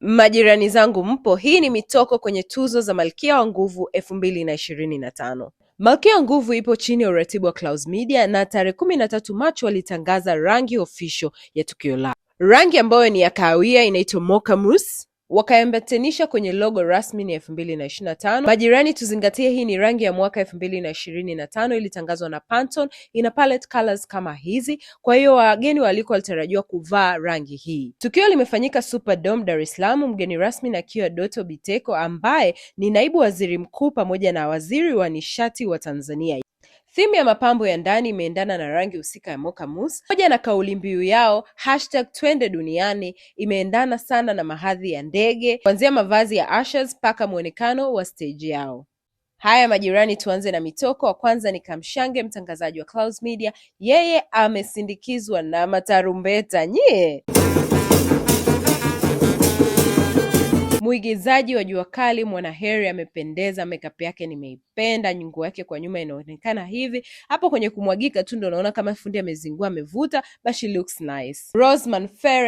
Majirani zangu mpo, hii ni mitoko kwenye tuzo za Malkia wa Nguvu elfu mbili na ishirini na tano. Malkia wa Nguvu ipo chini ya uratibu wa Clouds Media na tarehe kumi na tatu Machi walitangaza rangi official ya tukio lao. Rangi ambayo ni ya kahawia inaitwa Mocha wakaambatanisha kwenye logo rasmi ni elfu mbili na ishirini na tano. Majirani, tuzingatie hii ni rangi ya mwaka elfu mbili na ishirini na tano ilitangazwa na Pantone, ina palette colors kama hizi. Kwa hiyo wageni waliko walitarajiwa kuvaa rangi hii. Tukio limefanyika Superdome, Dar es Salaam, mgeni rasmi na akiwa Doto Biteko ambaye ni naibu waziri mkuu pamoja na waziri wa nishati wa Tanzania. Thimu ya mapambo ya ndani imeendana na rangi husika ya Mocha Mousse, pamoja na kauli mbiu yao hashtag twende duniani imeendana sana na mahadhi ya ndege, kuanzia mavazi ya ushers mpaka mwonekano wa stage yao. Haya majirani, tuanze na mitoko. Wa kwanza ni Kamshange, mtangazaji wa Clouds Media, yeye amesindikizwa na matarumbeta nyie Mwigizaji wa jua kali Mwana Heri amependeza, makeup yake nimeipenda, nyungu yake kwa nyuma inaonekana hivi. Hapo kwenye kumwagika tu ndo naona kama fundi amezingua amevuta, bashi looks nice.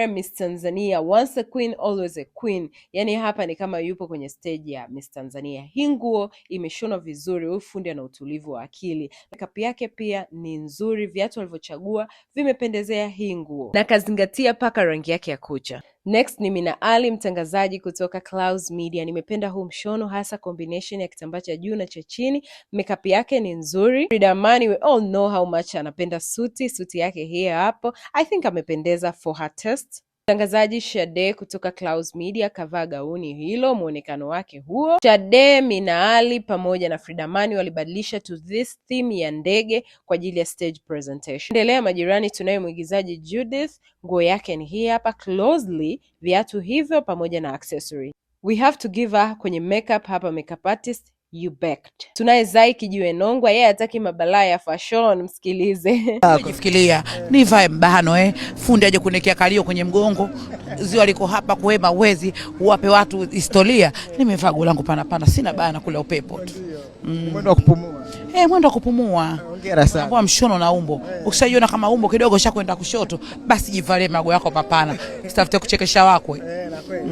Miss Tanzania, once a queen always a queen. Yani hapa ni kama yupo kwenye stage ya Miss Tanzania. Hii nguo imeshonwa vizuri, huyu fundi ana utulivu wa akili. Makeup yake pia ni nzuri, viatu alivyochagua vimependezea hii nguo, na kazingatia paka rangi yake ya kucha. Next ni Mina Ali mtangazaji kutoka Clouds Media. Nimependa huu mshono hasa combination ya kitambaa cha juu na cha chini. Makeup yake ni nzuri. Ridamani, we all know how much anapenda suti, suti yake hii hapo. I think amependeza for her taste. Mtangazaji Shade kutoka Clouds Media kavaa gauni hilo, mwonekano wake huo. Shade, Minaali pamoja na Fridamani walibadilisha to this theme ya ndege kwa ajili ya stage presentation. Endelea majirani, tunaye mwigizaji Judith, nguo yake ni hii hapa closely, viatu hivyo pamoja na accessory. We have to give her kwenye makeup hapa, makeup artist You backed. Tunaye Zaiki Jiwe Nongwa, yeye hataki mabalaa ya fashion, msikilize. Kufikiria nivae mbano eh, fundi aje kunekia kalio kwenye mgongo, ziwa liko hapa kuwema uwezi uwape watu historia. Nimevaa golangu pana pana, sina na kula upepo tu, mwendo mm. kupumua Eh, mwendo wa kupumua. Hongera sana. Kwa mshono na umbo. Eh. Ushajiona kama umbo kidogo shakwenda kushoto, basi jivalie mago yako papana sitafute kuchekesha wakwe.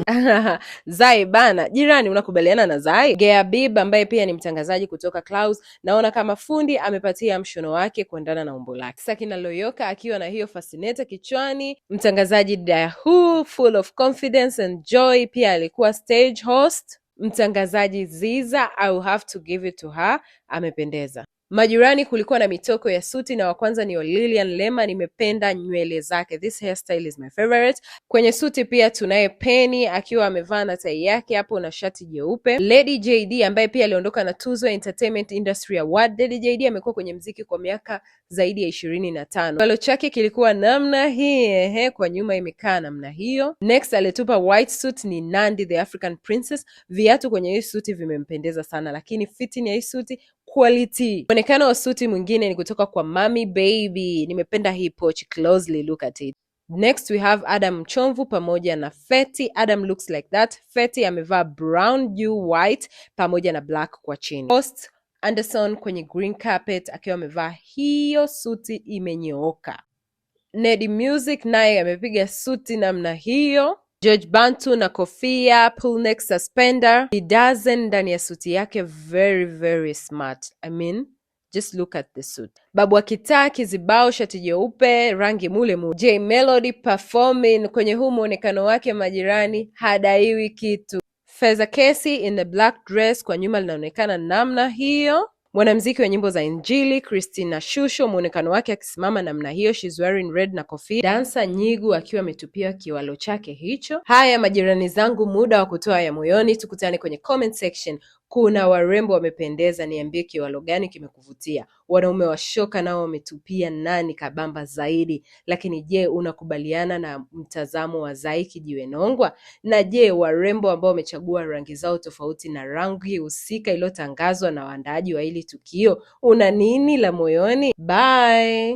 Eh, Zai bana, jirani unakubaliana na Zai? Gea Bib ambaye pia ni mtangazaji kutoka Clouds, naona kama fundi amepatia mshono wake kuendana na umbo lake. Sakina Loyoka akiwa na hiyo fascinator kichwani, mtangazaji dahu full of confidence and joy, pia alikuwa stage host Mtangazaji Ziza I will have to give it to her amependeza. Majirani kulikuwa na mitoko ya suti na wa kwanza ni Lilian Lema, nimependa nywele zake, this hairstyle is my favorite. Kwenye suti pia tunaye Penny akiwa amevaa na tai yake hapo na shati jeupe. Lady JD ambaye pia aliondoka na tuzo ya Entertainment Industry Award. Lady JD amekuwa kwenye mziki kwa miaka zaidi ya ishirini na tano. chake kilikuwa namna hii, ehe, kwa nyuma imekaa namna hiyo. Next alitupa white suit ni Nandi the African Princess. Viatu kwenye hii suti vimempendeza sana, lakini fitting ya hii suti quality. mwonekano wa suti mwingine ni kutoka kwa Mami Baby. Nimependa hii poch closely look at it. Next we have Adam mchomvu pamoja na feti Adam looks like that. feti amevaa brown juu white pamoja na black kwa chini. Post Anderson kwenye green carpet akiwa amevaa hiyo suti imenyooka. Ned Music naye amepiga suti namna hiyo. George Bantu na kofia pull neck suspender he doesn't ndani ya suti yake very very smart I mean Just look at the suit. Babu wa kitaa kizibao, shati jeupe, rangi mule mule. J Melody performing kwenye huu muonekano wake, majirani hadaiwi kitu. Feza Kessy in the black dress, kwa nyuma linaonekana namna hiyo mwanamziki wa nyimbo za Injili Christina Shusho, muonekano wake akisimama namna hiyo, she's wearing red na kofia. Dansa Nyigu akiwa ametupia kiwalo chake hicho. Haya majirani zangu, muda wa kutoa ya moyoni. Tukutane kwenye comment section. Kuna warembo wamependeza, niambie kiwalo gani kimekuvutia? Wanaume washoka nao wametupia, nani kabamba zaidi? Lakini je, unakubaliana na mtazamo wa Zaiki Jiwe Nongwa? Na je, warembo ambao wamechagua rangi zao tofauti na rangi husika iliyotangazwa na waandaaji wa hili tukio, una nini la moyoni? Bye.